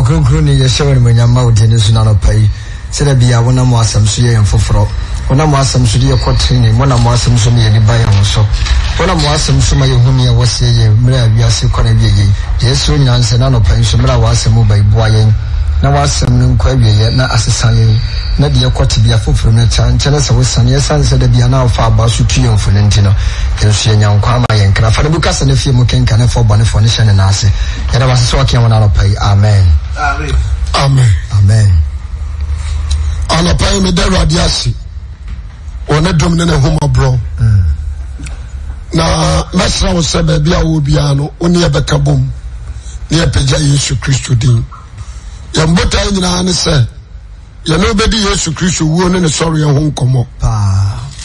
ɔkronkronni yɛhyɛ wo animonyam ma wo din no so no anɔpa yi sɛda bia wonam asɛm so yɛ yɛn foforɔ wonam asɛm so de yɛkɔ tene wonam asɛm so ma yɛde ba yɛn ho so wonam asɛm so ma yɛhu ne yɛwɔ seɛ yɛ mmerɛ a wiase kɔne wiɛ yei yɛsɛ wo nyinaa nsɛ anɔpa yi so mmerɛ a w'asɛm wo ba iboa yɛn na wasɛm no nkɔ awieɛ na asesa na deɛ kɔ tebea foforɔ no akya nkyɛne sɛ wosane yɛsane sɛ da bia na wofa aba so tu yɛmfo no nti no yɛnso yɛnyankwa ama yɛnkra fa no bu kasa no fie mu kenkane bɔnefoɔ no hyɛ ne naase yɛda wase sɛ wɔkea wɔ no anɔpa yi amen amen amen anɔpa yi meda awurade ase wɔne dom ne ne homɔborɔ mm. na mɛsra wo sɛ baabi a wɔ biara no wo ne yɛbɛka bom ne yɛpagya yesu kristo din yɛn botae nyinaa ne sɛ yɛne wobɛdi yesu kristo wuo ne ne sɔre yɛ ho nkɔmmɔ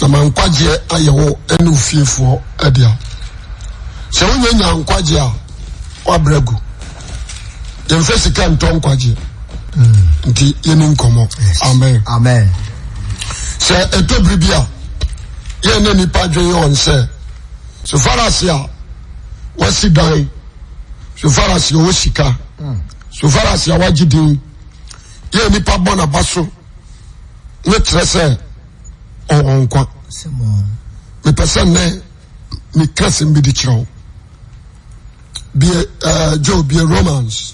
na ma nkwagyeɛ ayɛ wo ne ofiefoɔ adea sɛ wonya nya nkwagye a woabrɛ gu yɛmfɛ sika ntɔ nkwagyeɛ mm. nti amen sɛ ɛtɔ biri bi ni yɛne nnipa adwene yɛ wɔn sɛ so farase a wasi dan so sika mm. so far as yàwá gyi din yẹ nipa bọ n'aba so ne kyerɛ sɛ ɔwɔ nkwa mepɛ sɛ nnɛ ne kɛse bi di kyerɛ wo bie ɛɛ uh, eh, joe bie romans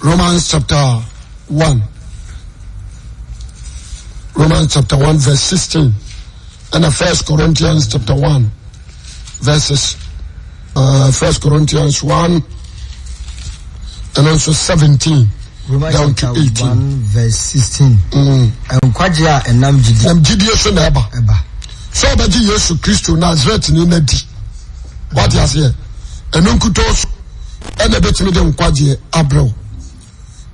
romans chapter one romans chapter one verse sixteen ɛna first corinthians chapter one verses uh, first corinthians one. ɛno nso seventeen down to eighteen. Mm. nkwagye a ɛnam gyidie. nam gyidie so na ɛba. ɛba. sɛ ɔbɛgye yesu kristo nazaret ni na di wate aseɛ ɛno nkutoo so ɛna ɛbɛtumi de nkwagyeɛ abrɛw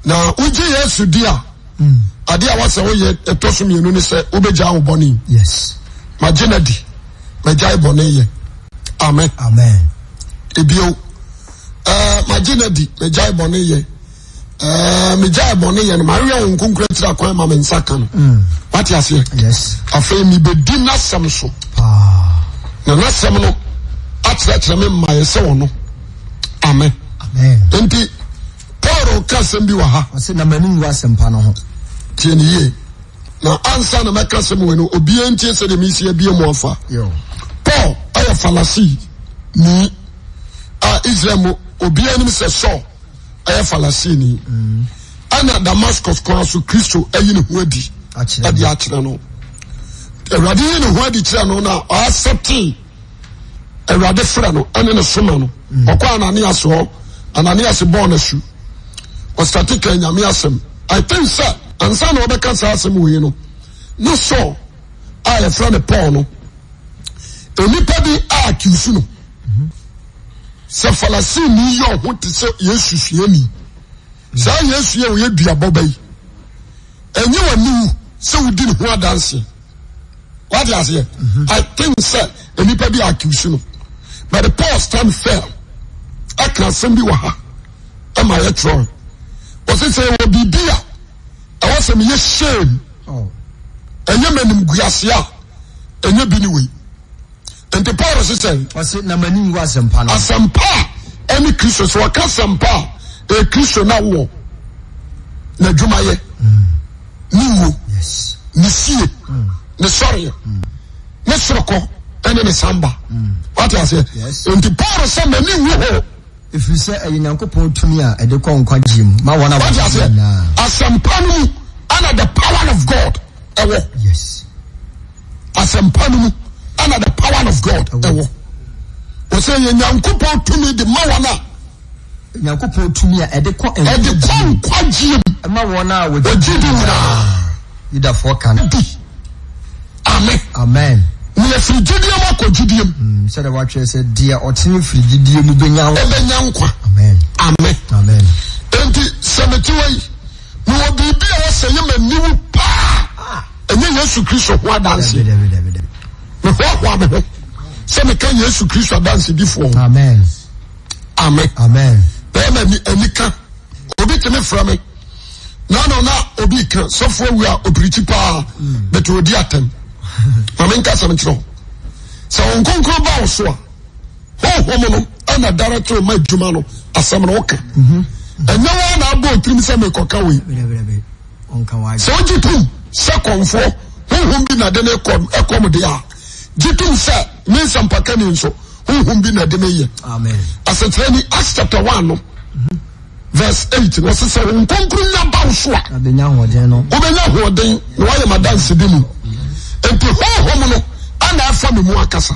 na wogye yesu di a mm. adeɛ a wasɛ woyɛ ɛtɔ so mmienu ne sɛ wobɛgya wo bɔne yes magye na di magyae bɔne yɛ amen amen ebio ɛɛ eh, magye na di na gya bɔne yɛ ɛɛ eh, me gya bɔne yɛ no maa yɛ wɔn nkonkura tira kwan ma me nsa ka no mm. wate aseɛ afei mi bɛ n'asɛm so ah. na n'asɛm no akyerɛkyerɛ mi mmaa yɛ wɔn no amen nti paul ka asɛm bi wɔ ha na mɛni ngu asɛmpa no ho tie ne yie na ansa na mɛka asɛm wɔ no obiara ntie sɛ deɛ mesia bie mu ɔfa paul ɛyɛ falasi ni a israel mu Obi nim sɛ sɔ ɛyɛ falasini ɛna damascus kora so kristo ayi ne ho adi ɛde akyerɛ no awurade yi ne ho adi kyerɛ no na ɔasɛpte awurade frɛ no ɛne ne soma no mm. ɔkɔ ananias hɔ ananias bɔɔ no asu ɔsate ka nyame asɛm i think sɛ ansa na wɔbɛka saa asɛm wei no ne sɔ a yɛfrɛ ne paul no onipa bi a akiusu no sɛ falasini yɛ ɔho te sɛ yesu suani saa yesu yɛ oyɛ duabɔba yi ɛnyɛ wani wu sɛ wodi ne ho adanse wade aseɛ mhm. i think sɛ nnipa bi akiwsi no but paul stand firm ɛka asɛm bi wɔ ha ɛma yɛtwerɛ ɔse sɛ ɛwɔ biribi a ɛwɔ sɛ meyɛ shame oh. ɛnyɛ manimguaseɛ a ɛnyɛ bi ne wei n prsnamanimwo asmpa noasmpa a mm. ne kristo sɛ wka sɛmpa a kristo no woɔ naadwumayɛ ne nwo ne sie mm. ne sɔreɛ mm. ne sorokɔ ɛne ne samba n paur sɛ manimw ɛfiri sɛ ɛyɛ nyankopɔn tumi a ɛde kɔ nkwage mu an asmpa nomu ana the power of god wɔm ana the power of God ɛwɔ wɔsɛ yɛ nyankopɔn tumi de ma wɔn a. nyankopɔn tumi a ɛde kɔ ɛwɔ ɛde kɔ nkwagyeɛ mu. ɛma wɔn a wɔgye wɔgye di nyinaa. Ah. yudafoɔ kan. di amen. amen. nìyɛ firi gyidiɛ mu akɔ gyidiɛ mu. Mm, sɛdeɛ watwerɛ sɛ deɛ ɔtene firi gyidiɛ mu bɛnya nkwa. ɛbɛnya nkwa. amen. amen. amen. nti sɛmɛtiwa yi mewɔ biribi a wɔsɛ yɛ ma niwu paa ah. ɛnyɛ yesu kristo ho adanseɛ abɛhwɛ sɛ meka yesu kristo adanse difoɔ amen amen bɛrima ni ka obi tumi fira mi nana ɔna obi kan sɔfo wi a opirikyi paa hmm. bɛtɛ odi atɛm maame nka sɛm kyerɛ sɛ wɔn nkonkoro ba wɔ so a hɔhɔm no ɛna director ma adwuma no asɛm no ɔka mhm. ɛnyɛ wɔn na abɔ otirim sɛ mekɔ ka wei sɛ ɔgye tum sɛ kɔnfoɔ honhom bi na de ne ɛkɔ mu de a. yitom sɛ mensa mpaka ni nso hoho bi na dem yɛ astrani as chaa 1e ano vs eɛnkronkro yabao sɛa onsnɛfa me mu asa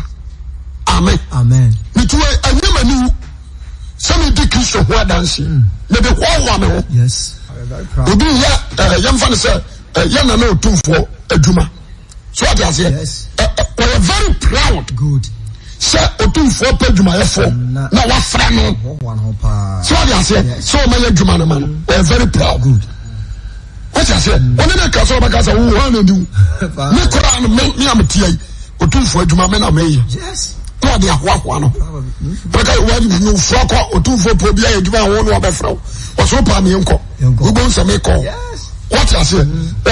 m eamaniɛm kiso ohɔ h so wọ́n ti ase yẹ ẹ mm-hmm. wọ́n very proud sẹ otumfuo pẹ dwumayẹfọ na wafra no so wọ́n ti ase yẹ sẹ ọmọ yẹ dwuma ne ma no wọ́n very proud wọ́n ti ase yẹ wọ́n nana kasa ọba kasa wọ́n wọ́n nani wọ́n mi kora ano mi mi àmì tiẹ̀ otumfuo dwuma mi na mi yẹ na ɔde ahoahoa no bɛka wanyimfoɔ kɔ ɔtumfoɔ po bia yɛ adwuma a wo ne wɔbɛfrɛ wo ɔso paa meɛ nkɔ wobɛhu sɛ mekɔ wote aseɛ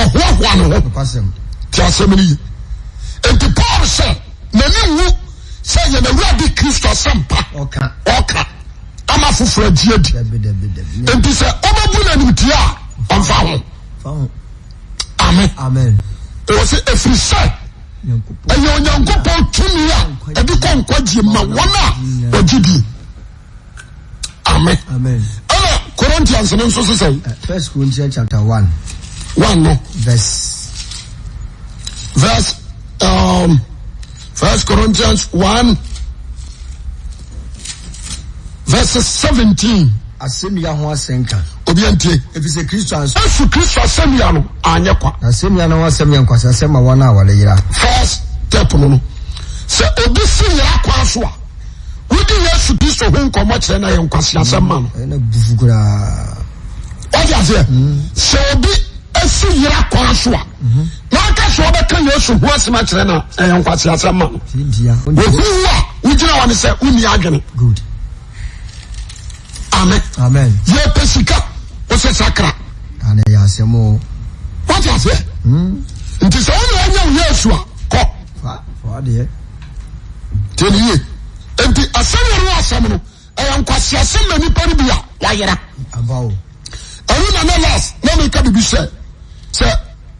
ɔhoahoa ne ho paul sɛ mani wu sɛ yɛnawurade kristo sempaa ka ama foforɔ agiadinti sɛ wɔbɛbu no animtie ɔmfa ho sɛ ɛfiri sɛɛyɛ onyankopɔn tumi a ɛde kɔnkɔ gyie ma wɔn aɔgye di n verse um, First Corinthians 1, verse 17. asemiya ho asɛnka. obi a n tie. efisɛ kristu asɔ. esu kristu no anyɛ kwa. asemiya no ho asɛmiya nkwasa asɛma wɔn a wɔle yira. first step no no sɛ obi si yɛ akwa so a wodi yesu kristu ho nkɔmɔ kyerɛ na yɛ nkwasi asɛma no. ɛna bufu koraa. wadi aseɛ. Mm. sɛ obi esi yira akwa so a. Mhm sɛ wɔbɛka yesu ho asɛm akyerɛ no ɛyɛ nkwase asɛm ma no wɔhu wo a wogyina wɔ ne sɛ adwene amen yɛpɛ sika wo sɛ sakra wote aseɛ hmm? nti sɛ wona anya wo yesu a kɔ tɛniye nti asɛm wɔre asɛm no ɛyɛ nkwase asɛm ma nnipa no bi a wayera ɛno na las na meka biribi sɛ sɛ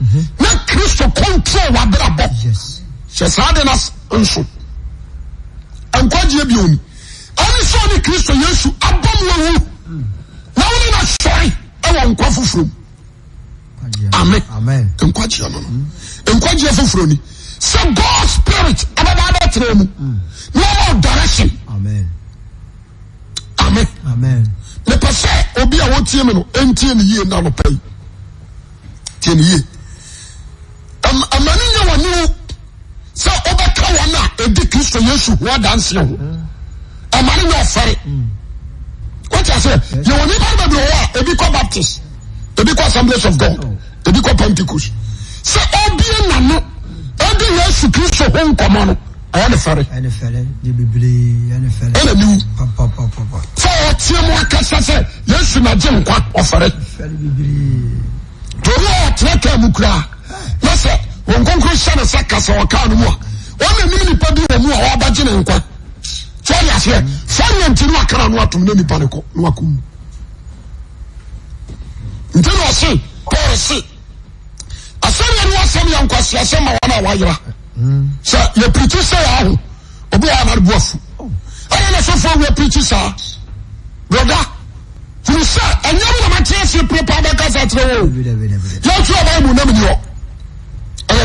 na kristo conto wderabɔ ɛ saa deno nso nkwagyea bioni ansɛne kristo yesu abɔmlawu nawonena swɛre ɛwɔ nkwa foforom ame nkwaea no nkwagea foforoni sɛ god spirit abɛbadatera mu womadarese ame epɛ sɛ obi awotiem no ɛntieno yee nalɔpaintinie amani nye wɔn niwo sɛ ɔbɛka wɔn a edi kristo yesu wɔ dansi ho amani nye ɔfɛre wɔte ase yɛ wɔn nipa bebree wɔ a ebi kɔ baptist ebi kɔ assemblies of god ebi kɔ pentikos sɛ ɔbie nano ɔdi yesu kristo ho nkɔmɔ no ɛyɛ ne fɛre ɛna niwu sɛ ɔteɛ mu akasa sɛ yesu na gye nkwa ɔfɛre torí ɔtena kaa mu koraa. nesɛ o konkro sane se kasawoka nomua nane nipa de omua baene nkwa ati noka noeaamn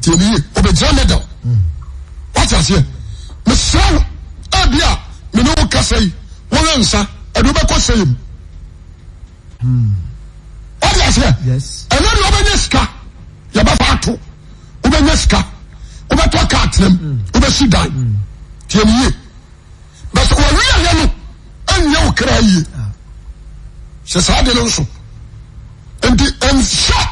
tiemye obezelede aase mes adia menewukase oe nsa adbekoseyim adase aer benye ska yabafa to obenye ska obeto katlem obesidan tiemye beewea yalo anya ukara ye sasaden nsu ente nsa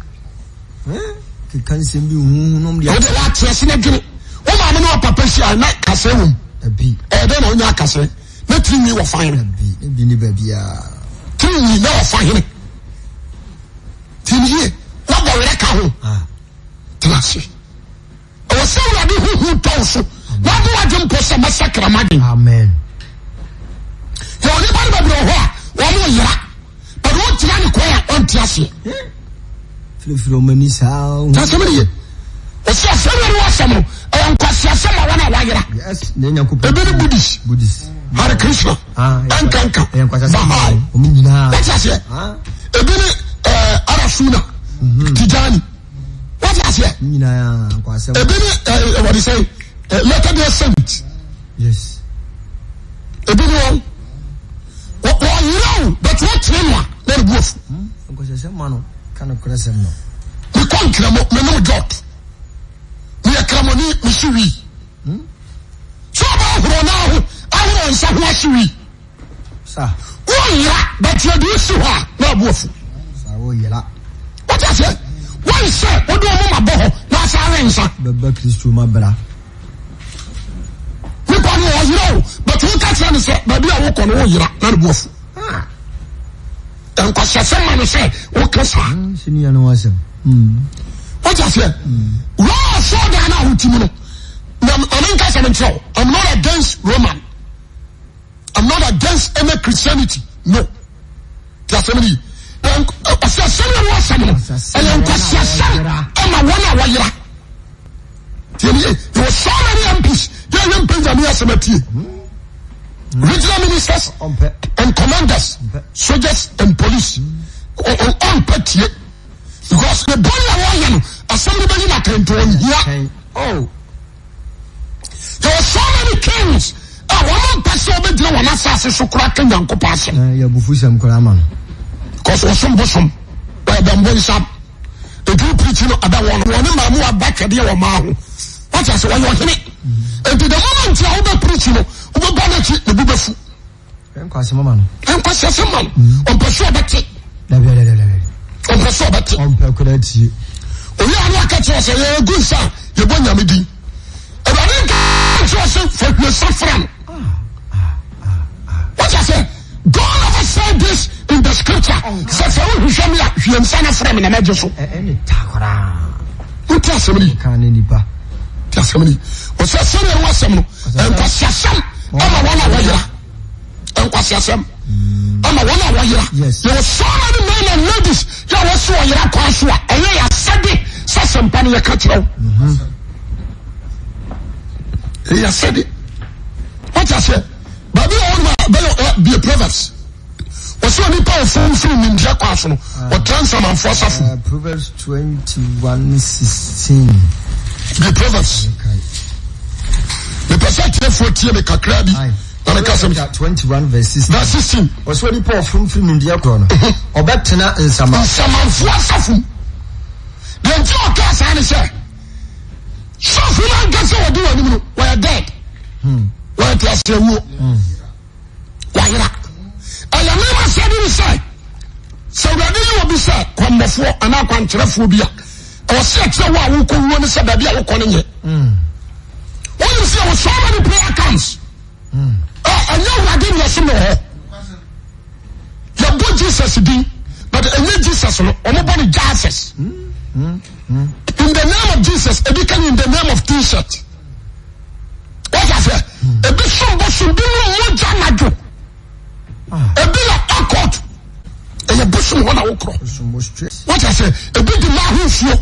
keka nsɛm bi huhunum deɛ. wode wateɛ se no dwene wo maame ne wapapa hyia na kasɛ wom ɛdɛ na wonya akasɛ na tirinwi wɔ fa hene tirinwi na wɔfa hene tirinwie wabɔ werɛ ka ho tena ase ɛwɔ sɛ wurade huhu tɔw so na wode wagye mpo sɛ mɛsɛ krama dwen yɛwɔ nipa no bɛbrɛ wɔ hɔ a wɔmo yera bɛde wogyina ne kwan a ɔnte aseɛ ssrsem nkssewanwayra eb bds an ebn arasuna tan ltedsant ebn yr but watna nrb mekɔ nkramo menom jot meyɛ kramɔne mese wi hmm? sɛ ɔba ahoro no aho ahoro nsa ho ase wi wonyera batiade si hɔ a na aboafu wotasɛ wonsɛ wode ɔmo mabɔ hɔ na asa re nsa mepɔ no ɔyera o but woka kyerɛ ne sɛ baabi a wokɔ no woyera na ne boafu nkwahyɛsɛm ma no sɛ woka saa wagya seɛ rɔɔsɔ daa no a ɔne nka sɛm nkyerɛ I'm not against Roman I'm not against any Christianity no ti asɛm ni ɔsɛ asɛm yɛ asɛm no ɛyɛ nkwahyɛsɛm ɛma wɔn a wɔyera tiɛ ni yɛ yɛ wɔ so many MPs yɛ yɛ mpɛnja ne yɛ asɛm atie regional ministers and commanders soldiers and police ɔmpɛ tie because the bɔn na wɔyɛ no asɛm no bɛyi na kɛntɛn hia there were so many kings ah, eh, a wɔn mpɛ sɛ ɔbɛgyina wɔn asase so kora ka nyankopɔ asɛm. yɛ bufu sɛm kora ama no. because wɔsom bosom ɛbɛn bɔ nsam etu pirikyi no ɛbɛ wɔn wɔn ne maamu aba twɛdeɛ wɔ maa ho wɔn ti ase wɔyɛ ɔhene. nti the momenta wobɛpreki no wobɛbɔne ki ne bobefussyanssafra esis inte siureɛa ti asɛm ni ɔsɛ sɛdeɛ ɛwɔ asɛm no nkwasi asɛm ama wɔn a wɔyera nkwasi asɛm ama wɔn a wɔyera yɛwɔ sɔɔma ni men and ladies yɛ a wɔsi wɔyera kwan so a ɛyɛ yɛ asɛde sasɛmpa no yɛka kyerɛ wo ɛyɛ asɛde wɔte aseɛ baabi a wɔn ma bɛyɛ bie proverbs wɔsi wɔn nipa ofun fun nimdiɛ kwan so no wɔtɛn samanfoɔ safo. Proverbs twenty one sixteen the proverbs mepɛ sɛ atiefoɔ tie me kakra bi na meka sɛm16 ɔsɛ nipa ɔfom firi nimdeɛ korɔ no ɔbɛtena nsamamanfoɔ asafom deɛ nti ɔkaa saa ne sɛ sɔfo no anka sɛ wɔde w'anim no wɔyɛ dead hmm. wɔyɛ teaseɛ wuo hmm. wɔyera ɛyɛ mema sɛ bi ne sɛ sɛ awurade yi wɔ bi sɛ kwambɔfoɔ anaa kwankyerɛfoɔ bi a ɔsi ɛkyerɛ wo a wokɔ wuo ne sɛ baabi a wokɔ ne nyɛ wɔn sɛ wɔ so many prayer camps ɛ ɛnyɛ awurade na ɛso mɛ hɔ yɛbɔ jesus din but ɛnyɛ jesus no ɔmo bɔ ne jesus in the name of jesus ebi kan in the name of t-shirt wɔn fɛ ebi sɔnbɔ sunbi mu ɔmo gya n'adwo ebi yɛ ɔkɔt ɛyɛ bosom wɔn na wɔkorɔ wɔn fɛ ebi di maa ho nsuo.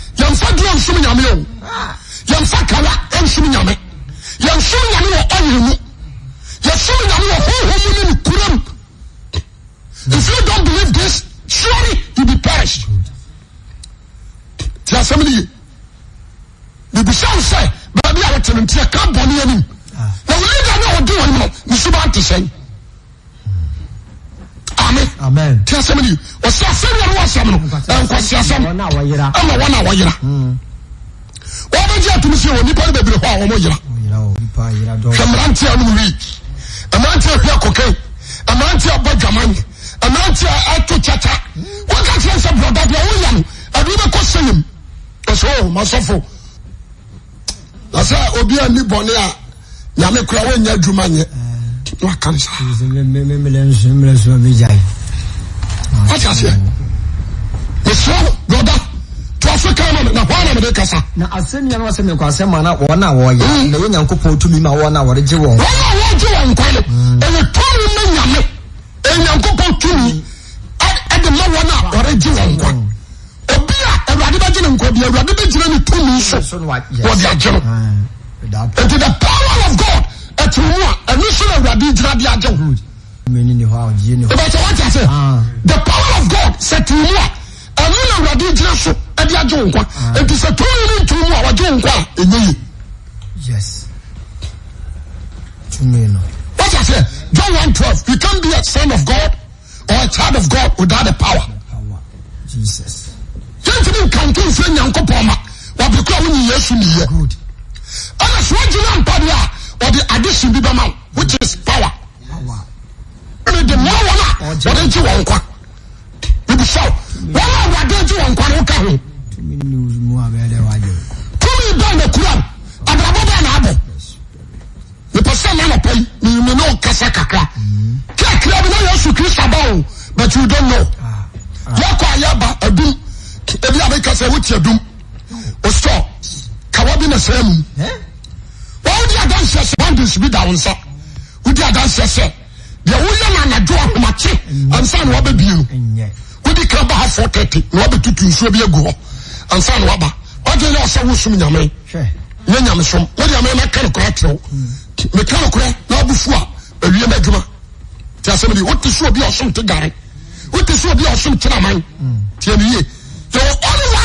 yɛmfa duro nsom nyame o yɛmfa kawa nsom nyame yɛnsom nyame wɔ ɔyere mu yɛsom nyame wɔ honhom mu ne ne kuram if you don't believe this surely you be perished ti asɛm ne ye bibisa wo sɛ baabi a wote no nteɛ ka bɔne anim na wo leader ne a wɔde no ne suba sɛn amen ti asɛm ne ye ɔsi asɛm yɛ no asɛm no ɛnkwasi asɛm ama wɔn a wɔyera wɔn bɛ gye atum si wɔ nipa no bebree hɔ a wɔn yera hwɛ mmeranteɛ no wi mmeranteɛ hwɛ kɔkɛ mmeranteɛ bɔ dwaman mmeranteɛ ato kyakya wɔn ka kyerɛ sɛ brɔda deɛ wɔyɛ no ɛbi bɛ kɔ sɛnum ɛsɛ o masɔfo na sɛ obi a ni bɔnne a nyame kura wɔnyɛ adwuma nyɛ wɔn aka ne saa. ati aseɛ mesrɛ broda to africa ma hmm. hmm. me na hɔ na mede kasa na asɛnnua no wasɛ mekɔ asɛm ana wɔn a wɔyɛ na ɛwɔ nyankopɔn tumi ma wɔn a wɔregye wɔn wɔn a wɔregye wɔn nkwa no ɛyɛ tumi ma nyame ɛyɛ nyankopɔn tumi ɛde ma wɔn a wɔregye wɔn nkwa obi a ah, awurade bɛgye ne nkwa bi awurade bɛgyina ne tumi so wɔde agye no nti hmm. the power of god ɛtiri mu a ɛno so na awurade gyina de agye wo ìbàtà wọ́n ti àṣẹ the power of God ṣe tì í a ẹnu na awurade gyina so ẹdi agye wọn kwa etu sẹ tó ní ní ntúmù a wàgye wọn ẹnyẹ yìí. yes túmù yìí nọ. wọ́n ti àṣẹ John one twelve you can be a son of God or a child of God without the power. Jesus. yẹn ti ní nkàntó nfẹ nyankó pọ̀ ma wà á bẹ̀kọ́ àwọn yìí yẹsu nìyẹ. ẹnna sọ wọn gyina mpadi a wọ́n di addition bí bẹ́ẹ̀ ma which is power. power. iai ayst u oyan najoomake ansanwbe bi ode kbfotealy one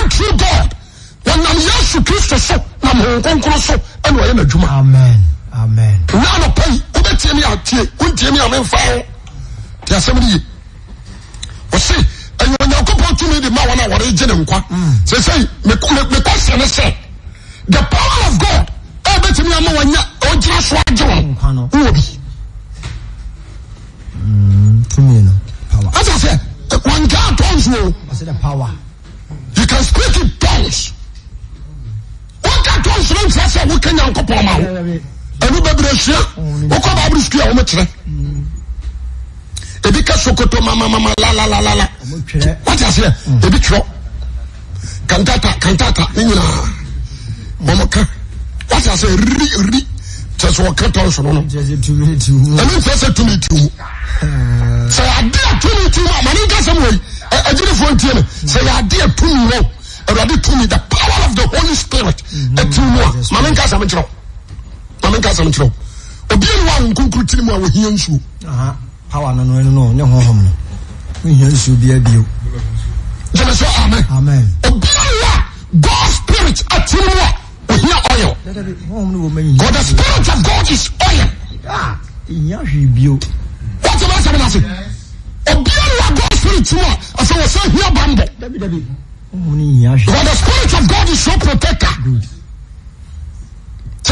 trough god nam yesu kristo so namhkonkro so ny aduma no betmmasebyeyankp teaese mm. the power of god betmi sua ens you an sri ons esswkeyankp ɛnu bɛbiri ehyia wokɔ baabiri sukuu a wɔn kyerɛ ebi ka sokoto mamamama lalalala wati aseɛ ebi twerɛ kantata kantata ne nyinaa wɔn ka wati aseɛ riri riri kyɛ sɛ wɔka tɔn so no no ɛnu nkyɛn sɛ tumi ti mu sɛ yade a tumi ti mu a ma ne nka sɛm wɔyi agyinifoɔ ntie no sɛ yade a tumi wɔ awurade tumi the power of the holy spirit ɛti mu a ma ne nka sɛm kyerɛ mami nka asɛm kyerɛw obi enu a nkunkuru tiri mu a wohia nsuo. power no no ɛno no ne honhom no wohia nsuo bi abio. jẹnna sọ amen. obi enu a god spirit ati mu a wohia oil. god the spirit of god is oil. wọ́n ti máa sẹ́mi náà sè. obi enu a god spirit mu a ọ̀sẹ̀ wọ́n sẹ́ hia bambọ. God the spirit of God is your protector. Good.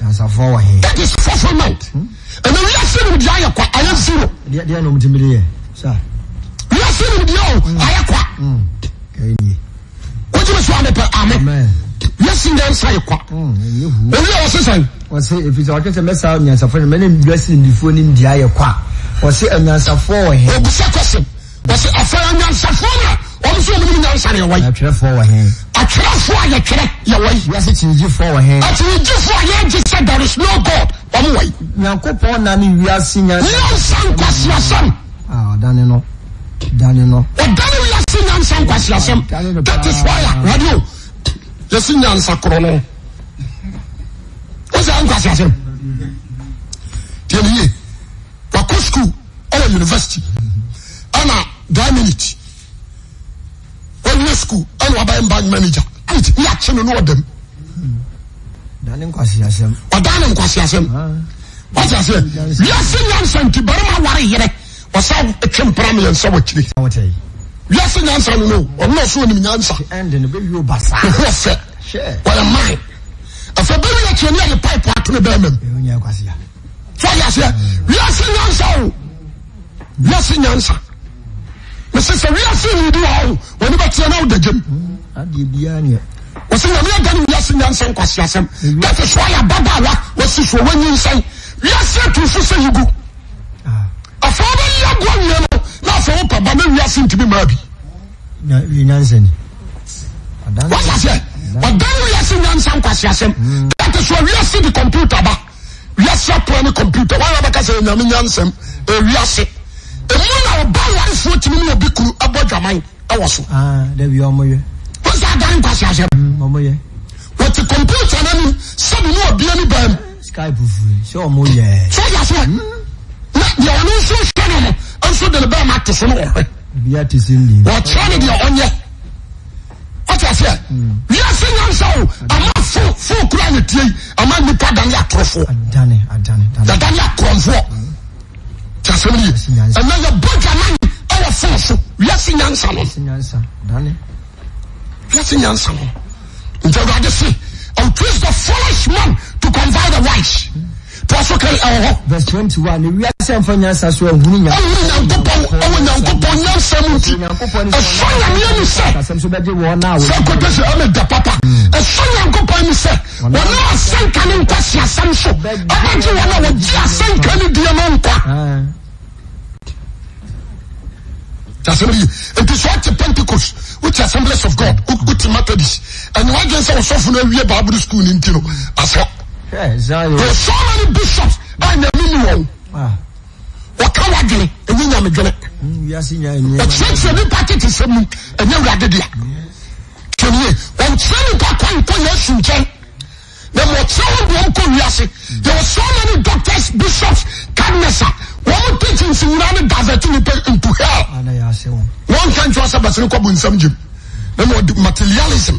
nyansafoɔ wɔ he that is fulfilment ɛna hmm? wiase nim deɛ ayɛ kwa ayɛ zero deɛ deɛ na ɔmte mmere yɛ sa wiase nim deɛ o ayɛ kwa wogyeme so ade pɛ amen wiase nim deɛ nsa yɛ kwa owi a wɔse sɛn wɔse ɛfiri sɛ ɔtwe sɛ mɛsa nyansafoɔ no mɛne wiase nim difoɔ nim deɛ ayɛ kwa wɔse anyansafoɔ wɔ he ɔbusa kɔsem wɔse afɛ anyansafoɔ no sa aool ah, ah, university an schol anaba b nja yaennade dane kas s yansa nti barem war yere amyenswa yansa n n yansa l m fe by keneptn bme y s ans sansa mesi sɛ wiase nidi wa o wɔne bɛteɛ na woda gyam wɔsɛ nyame ada no wiase nyansa nkwase asɛm that is why ababaawa wasi soɔ wanyi nsɛn wiase atumfo sɛ ah. yi gu afɔ wobɛyi agoa nwia no na afɔ wo paba na wiase ntimi maa bi wasaseɛ ɔdan wiase nyansa nkwase asɛm hmm. that is why wiase de computer ba wiase apoa ne computer wɔyɛ bɛka sɛ nyame nyansɛm ɛwiase emu na ọba awarefoɔ tìmí ní obi kuru abɔ dwaman ɛwɔ so. dabi ɔmo yɛ. o sɛ adan nkwasi asɛm. ɔmo yɛ. wɔte kɔmpiuta nanu sɛbi ní obi ɛni bɛn. skype furu sɛ ɔmo yɛ. sɛ yà sɛ na deɛ ɔno nso hwɛ no no nso de ne bɛn ma te se no ɔhwɛ. obi a te se ni. wɔkyerɛ ne deɛ ɔnyɛ ɔte aseɛ. wiase nyansa o ama fo fo kura ne tie yi ama nipa dan yɛ atorofo. adane adane adane. kyasɛm yi ɛnɛ yɛ bɔ gyaman ɛwɔ fon so wiase nyansa no wiase nyansa no nti awurade se and twist the foolish man to convey the wise. Mm. to ɛwɔ hɔ. verse twenty one ewia sɛ nfa nyansa so ehunu nyansa. ɛwɔ nyankopɔn ɛwɔ nyankopɔn nyansa mu ti ɛsɔ nyamuya mi sɛ sɛ kote sɛ ɛmɛ da papa hmm. ɛsɔ nyankopɔn mi sɛ wɔn a asɛnka kani nkwa si asɛm so ɛmɛ gye wɔn a wɔgye asɛnka ne diɛ ma nkwa. Ah. asɛm yi nti sɛ wote pentecost wote assemblies of god wote methodist ɛne woagye sɛ wɔsɔfo no awie bible school no nti no asɛ there are so many bishops báyìí na mímu wọn ọ̀ka wà dwene ẹ̀yẹ nyàmé dwene ẹ̀kyerẹ́kyerẹ́ nípa tètè sẹ́mu ẹ̀yẹ wúlò adédìá kìnìyẹ wọ́n kyerẹ́ nípa kọ́ nkọ́ yẹn sùn nkyẹn na mọ̀ kyerẹ́ wọn bọ̀ nkọ́ wíyásí there are so many doctors bishops cardinals a wọ́n mu teaching si wúlò ní diverting nípa into hell wọ́n kàn tí wọ́n sábà sẹ́ni kọ́ bu nsẹ́m jìm na mọ̀ materialism.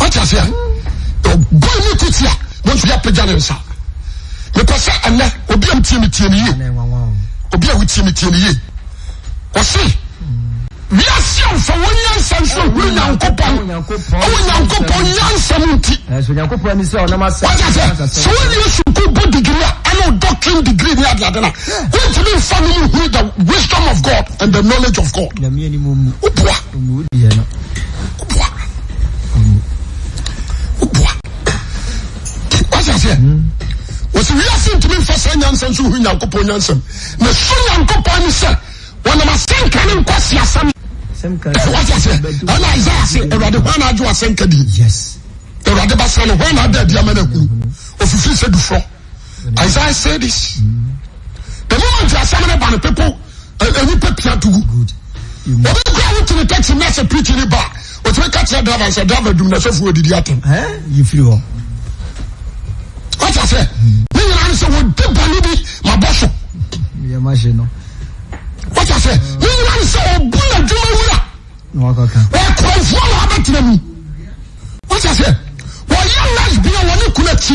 wati ase yɛ ɔbɔn mi ku tia wɔn nso yɛ apagya ne nsa nipa sɛ ɛnɛ obi a wotie mi tie mi yie obi a wotie mi tie mi yie ɔsi wiase afa wɔn nyansa nso wɔn nyankopɔn ɔwɔ nyankopɔn nyansa mu nti wati ase sɛ wɔn yɛ sukuu bɔ digiri a ɛna doctrine degree ni adiade na wɔn ti mi nfa mi mu hu the wisdom of god and the knowledge of god wopua wopua. aseɛ wɔsi wiase ntumi nfa saa nyansa nso hu nyankopɔn na so nyankopɔn ne sɛ wɔnam asɛnka ne nkɔ ɛna isaia se awurade hɔ awurade basa no hɔ adi ama no mm-hmm. sɛ mm-hmm. isaia say this mm-hmm. the moment asɛm no ba the people eh, eh, to go obi wọ́n ti sẹ́ ní nyina ni sẹ́ wọ́n di bọ́ọ̀lù bi ma bọ́ so. wọ́n ti sẹ́ ní nyina ni sẹ́ wọ́n bu na dwuma wura wọ́n kọ́ fún ọ wọ́n bẹ tẹ̀lé mu wọ́n ti sẹ́ wọ́n yẹ rice bi na wọ́n ní kun ẹ̀kí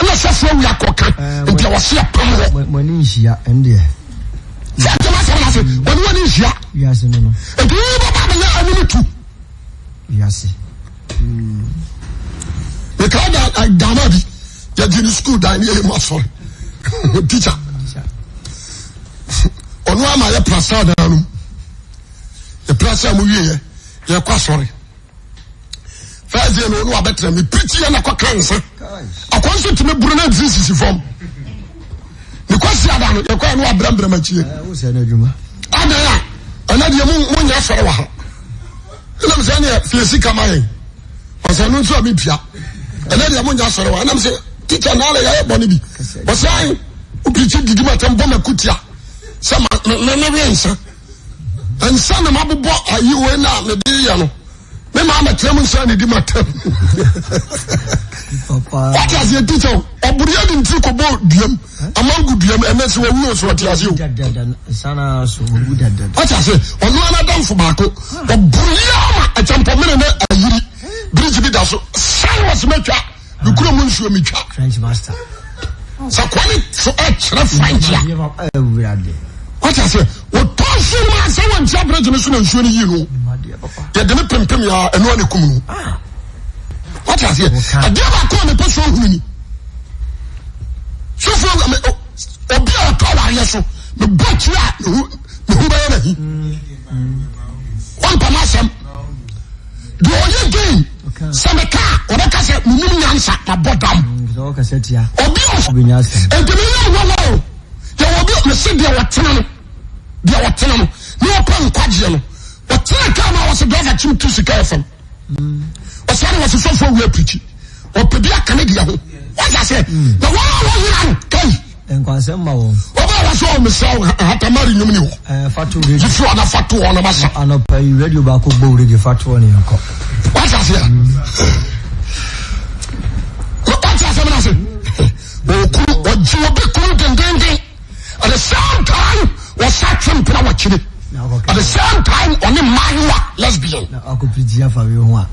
ẹ̀na sẹ́ fún ẹ̀wù akọ̀ kan nti wọ́n si ẹ̀pẹ́ mu rẹ̀. wọ́n ní nhyia ẹ̀ndẹ̀. sẹ́ ẹ̀ jẹ́ wọ́n sẹ́ wọ́n sẹ́ wọ́n ní wọ́n ní nhyia. ètò yìí bá bá bẹ̀yẹ ẹni mi tu. ìkà dàmọ́ bi yɛgye no school dan ne mu asɔre teacher ɔno ama yɛ prasa dan no yɛprasa mu wieɛ yɛkɔ asɔre first day no ɔno abɛtena me pirikyi yɛ na kɔka nsa akɔ nso tumi buru na ntiri sisi fam ne kɔsi ada no yɛkɔ yɛ no wabrɛmbrɛm akyie adan a ɛna deɛ monyɛ asɔre wɔ ha ɛnam sɛ neɛ fie sika ma ɔsɛ no nso a mepia ɛna deɛ monyɛ asɔre wɔ ha ɛnam sɛ teacher na ale yɛ bɔne bi ɔsan opirikyi didi ma tɛn bɔma kutia sɛ ma ne ne wi nsa nsa na ma bobɔ ayi wo na ne de yɛ no ne ma ama tɛn mu nsa ne di ma tɛn wati aseɛ teacher o ɔburiya de ntiri ko bɔ duam amangu duam ɛnɛ wa wɔn wuo so ɔte aseɛ o wati aseɛ ɔno ana danfo baako ɔburiya ma ɛkyɛnpɔmene ne ayiri biriji bi da so san wɔ kaa nsu mwa sɛkane kyerɛ french a ɛɔ ɛaɛen yɛeme nneɛebaɛfaɔyɛ o sɛ meka wɔbɛka sɛ menim nyansa nabɔ dam mm, obi ntimenyɛwɔwɔ yɛwɔ bi mese deɛ wɔtena no deɛ wɔtena no ne wɔpɛ nkwagyeɛ no wɔtena ka ma wɔsɛ driver kyim to sika ɛfam mm. ɔsɛ ne wɔsesɔfoɔ wi apirikyi ɔpɛbi aka ne deɛ ho wɔsa sɛ mm. na wɔa wɔyera no kai nkwansɛm ma wɔn. ọba yàrá sọ wọn misira ahatamari nyom ni wọ. ɛɛ fatu radio yifu ana fatu wọn na ma sa. anɔpɛ yi radio baako gbɔ radio fatu wọn yɛn kɔ. wàá ti ase yà wàá ti ase mi se okuru ɔji obi kuru dendenden at the same time wɔsa twɛn pina wɔ kyiri at the same time ɔne mayewa lesbian. na ɔkò pirijiya fa mi a.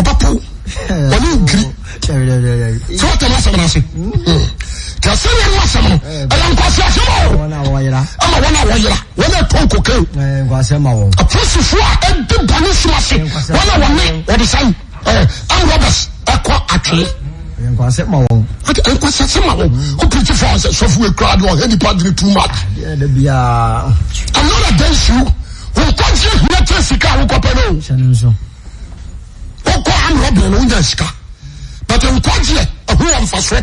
ɔbɛ po ɔne nkiri tí wọ́n tẹ̀lé asẹ́mi se tí a sẹ ní ẹnu asẹm no ẹyẹ nkwasi asẹm o ama wọn a wɔyera wọn a tó nkokɛ apolisifoɔ a ɛdi bɔnni sumasi wọn a wọn ne wɔde sayi ɛɛ am roberts ɛkɔ atwere. nkwasi asɛm wɔn. nkwasi asɛm wɔn o piriti fɔ ɔsɛ sɔfo ekura de ɔhɛ nipa di ni too much. another day siw tẹ sika awọn kɔpɛ o. wọn kɔ am roberts ni nya sika but nkwasi yɛ. yesu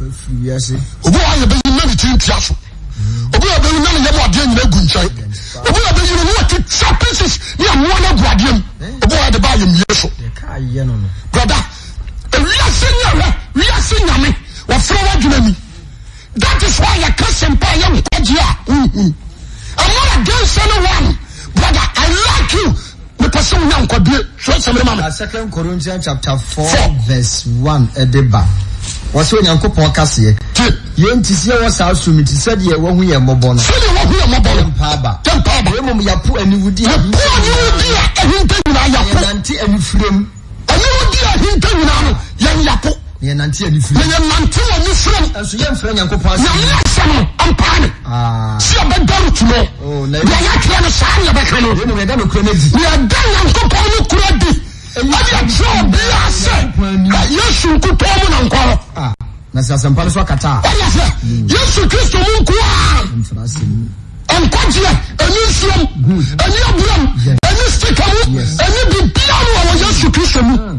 obi wa yɛ bɛyi na tiri ntia so obi wa bɛyi na ne yɛ bɔ nyina gu nkyɛn obi wa bɛyi na ne ti tia pieces ne amoa na gu adeɛ mu obi wa yɛ de mie so broda ewiase nyame wiase nyame wɔfrɛ wa dwuma mi that is why yɛ kristian yɛ nkwagye a nhun amoa adeɛ nsa no one broda i like you. mepɛ sɛ wonya nkwadue hwɛ sɛmere 2 corinthians chapter 4 verse 1 ɛde ba wɔsɛ onyankopɔn kaseɛ yɛnti sɛ wɔ saa som nti sɛdeɛ wahu yɛ mmɔbɔ no sɛdeɛ wahu yɛ mmɔbɔ no mpaaba mpaaba mmom yɛpo aniwudi yɛpo aniwudi a ɛhinta nyinaa yɛpo yɛnante anifirem aniwudi a ɛhinta nyinaa no yɛn yɛpo yɛnante anifirem na yɛnante wɔ anifirem nso yɛmfrɛ nyankopɔn asɛm nyame asɛm no ɔmpaa ne si ɔbɛdɔre tumo na yɛatwerɛ no saa ne yɛbɛka no yɛda nyankopɔn no kura di aneak ah, bia sɛ yasunkupmu na nkr yesu kristomu nka nkodɛ ani nsio ane abram ani stikemu ani biblan awa yesukristomu hmm.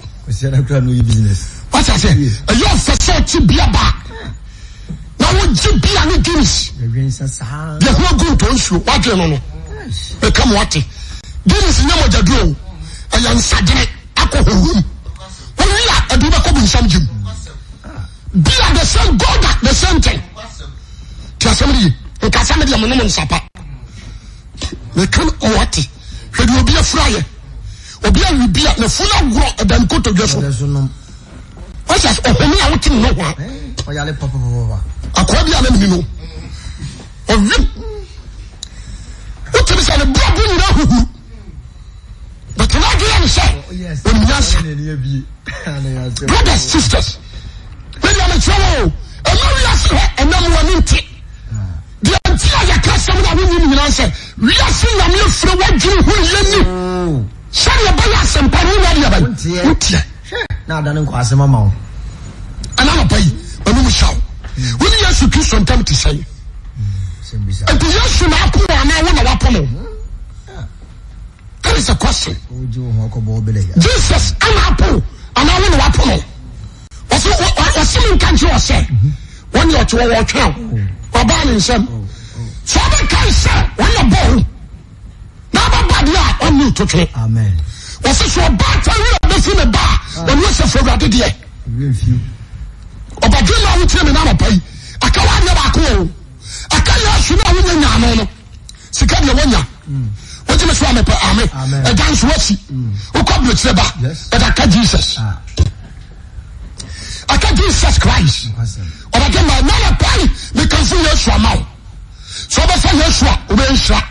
wọ́n ti sẹ́ ẹ̀yọ́ ọ̀fẹ́ sẹ́ ti bí a bá na wọ́n jí bí a ní guinness yẹ kó gùn tó ń su wá jẹ́ nínú ẹ ká mọ̀ wá ti guinness ní ọmọ jàdú o ẹ̀yà nsadiri akọ òhun wọ́n yíyà ẹ̀dùn bẹ́ẹ̀ kọ́ bu nsàm jìm bíyà the same god the same thing tí a sẹ́mi yìí nkà sẹ́mi yìí ọmọ nínú nsàpá mẹ̀ká ọ̀wá ti hwẹ́ni obi ẹ̀ fúra yẹ obi awi bi a n'efunu awuro ɛdani koto dwe so ɔsɛ ɔhoni a wote mu n'ohwa akɔɔ bi a n'anim no ɔwi wote mi sɛ ne burabu nyina ahuhu bàtà náà adúlá mi sɛ omiyansa oh, brothers sisters lẹ́yìn àmì ìtura wo ɛnna wíyásí hɔ ɛnna mu wɔ ne nti ah. deɛ nti a yɛ ká sɛm na wọ́n nyɛ nyina sɛ wíyásí nyàmú efiri wọ́n hu yɛ ni. Oh sani ẹ bẹyẹ asẹmpa ni wúni adi abayi o tiẹ. na adani nkọ asẹmọ ma o. anana bayi ẹnu mi sa hmm. o wọn yẹ su kristu ntẹm ti sẹyìn nti yẹ su na akun wọn anan wọn na wa pọnọ hmm, that is a question jesus ana apọ anan wọn na wa pọnọ wọsi mi nkankyere ọsẹ wọn yẹ ọtí wọn wọ ọtí ọ ọbaa ni nsẹm sọ ká nsẹ wọn yẹ bọọlù. ɔnam totoro wɔsi sɛ ɔba atari ɔbɛsi ne ba ɔni ɛsɛ fɔ ɔwurade deɛ ɔbɛdwe na awotire mi n'anapa yi akawa adeɛ baako wɔ o aka asu na awonya nyaano no sika deɛ wɔnya mm. wogyina so amepɛ ame ɛdan so wɔsi mm. okɔ bulotire ba ɛda aka Jesus ah. aka Jesus Christ ɔbɛdwe ma n'anapa yi ne kanfo yɛ ama o sɛ ɔbɛfa yɛ a ɔbɛyɛ nsira.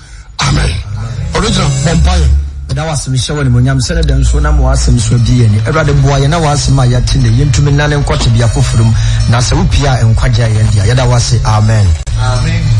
amen ɔregyina bɔmpaeɛ ɛda wasɛm hyɛ wɔ nimonyam sɛne da nsuo nam wasɛm so adi yɛni awurade boa yɛ na wasɛm a yɛate nɛ yɛntumi nane nkɔtebea foforɔ mu na sɛ wopie nkwagye a yɛn dea yɛda wase amen, amen.